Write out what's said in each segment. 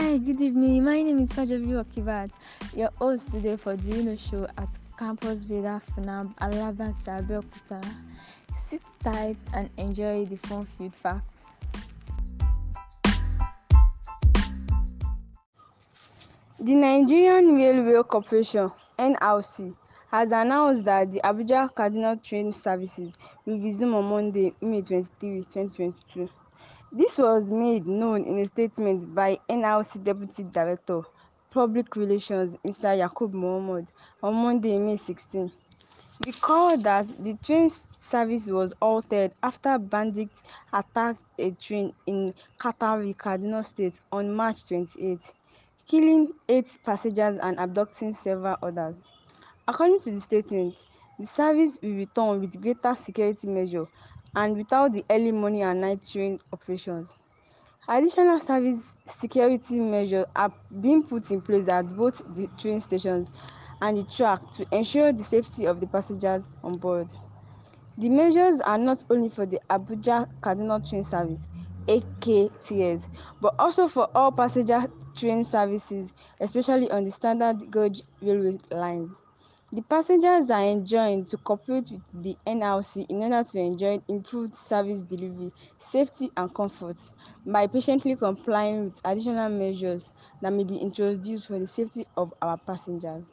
Hi, good evening. My name is Kajavi you your host today for the UNO show at Campus Veda Funab Alabata Belkuta. Sit tight and enjoy the fun field facts. The Nigerian Railway Corporation (NRC) has announced that the Abuja Cardinal train services will resume on Monday, May 23, 2022. This was made known in a statement by NRC Deputy Director, Public Relations, Mr. Yakub Mohammed, on Monday, May 16. Recall that the train service was altered after bandits attacked a train in Qatari, Cardinal State on March 28, killing eight passengers and abducting several others. According to the statement, the service will return with greater security measures and without the early morning and night train operations. Additional service security measures are being put in place at both the train stations and the track to ensure the safety of the passengers on board. The measures are not only for the Abuja Cardinal train service AKTS, but also for all passenger train services, especially on the standard gauge railway lines. The passengers are enjoined to cooperate with the NLC in order to enjoy improved service delivery, safety and comfort, by patiently complying with additional measures that may be introduced for the safety of our passengers.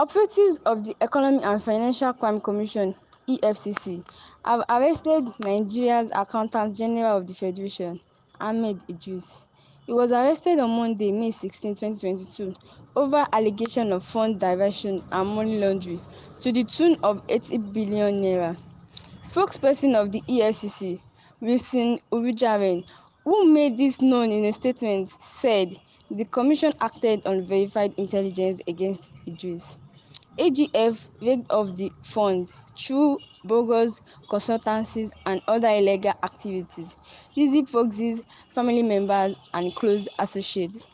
Operatives of the Economic and Financial Crime Commission EFCC have arrested Nigeria's Accountant General of the Federation, Ahmed Idris. He was arrested on Monday, May 16, 2022, over allegation of fund diversion and money laundering to the tune of 80 billion naira. Spokesperson of the ESCC, Wilson Urujaren, who made this known in a statement, said the commission acted on verified intelligence against Idris. AGF rigged off the fund through bogus consultancies, and other illegal activities, using proxies, family members, and close associates.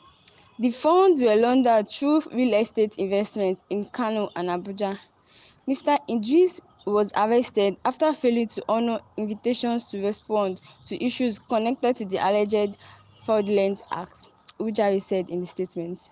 The funds were laundered through real estate investments in Kano and Abuja. Mr. Idris was arrested after failing to honor invitations to respond to issues connected to the alleged fraudulent acts, Ujari said in the statement.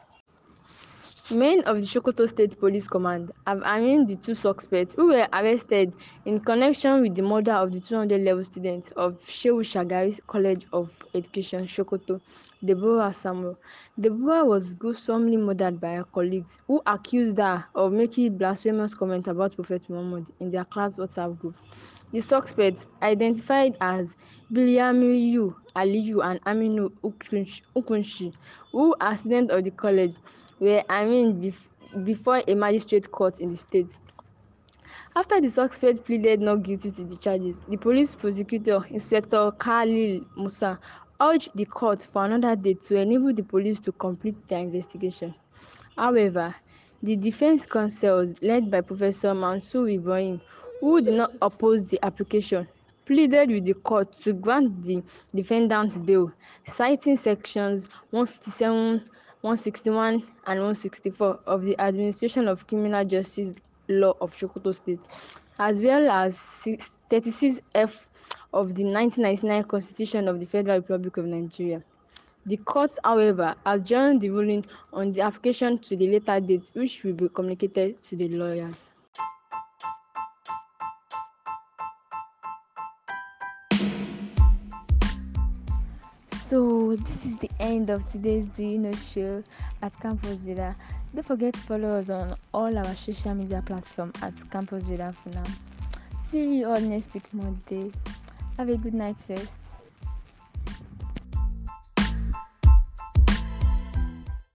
Men of the Sokoto State Police Command have arraigned the two suspects who were arrested in connection with the murder of the 200 level student of Shehu Shagari College of Education, Sokoto, Deborah Samuel. Deborah was gruesomely murdered by her colleagues who accused her of making blasphemous comments about Prophet Muhammad in their class WhatsApp group. The suspects, identified as Biliamiyu Aliyu and Aminu Ukunshi, who are students of the college, were arraigned bef before a magistrate court in the state. After the suspect pleaded not guilty to the charges, the police prosecutor, Inspector Khalil Musa, urged the court for another day to enable the police to complete their investigation. However, the defense counsel, led by Professor Mansour Ibrahim, who did not oppose the application, pleaded with the court to grant the defendant bail, citing sections 157. 161 and 164 of the Administration of Criminal Justice Law of Sokoto State, as well as 36F of the 1999 Constitution of the Federal Republic of Nigeria. The court, however, adjourned the ruling on the application to the later date, which will be communicated to the lawyers. so this is the end of today's do you know show at campus villa don't forget to follow us on all our social media platforms at campus villa for now see you all next week monday have a good night rest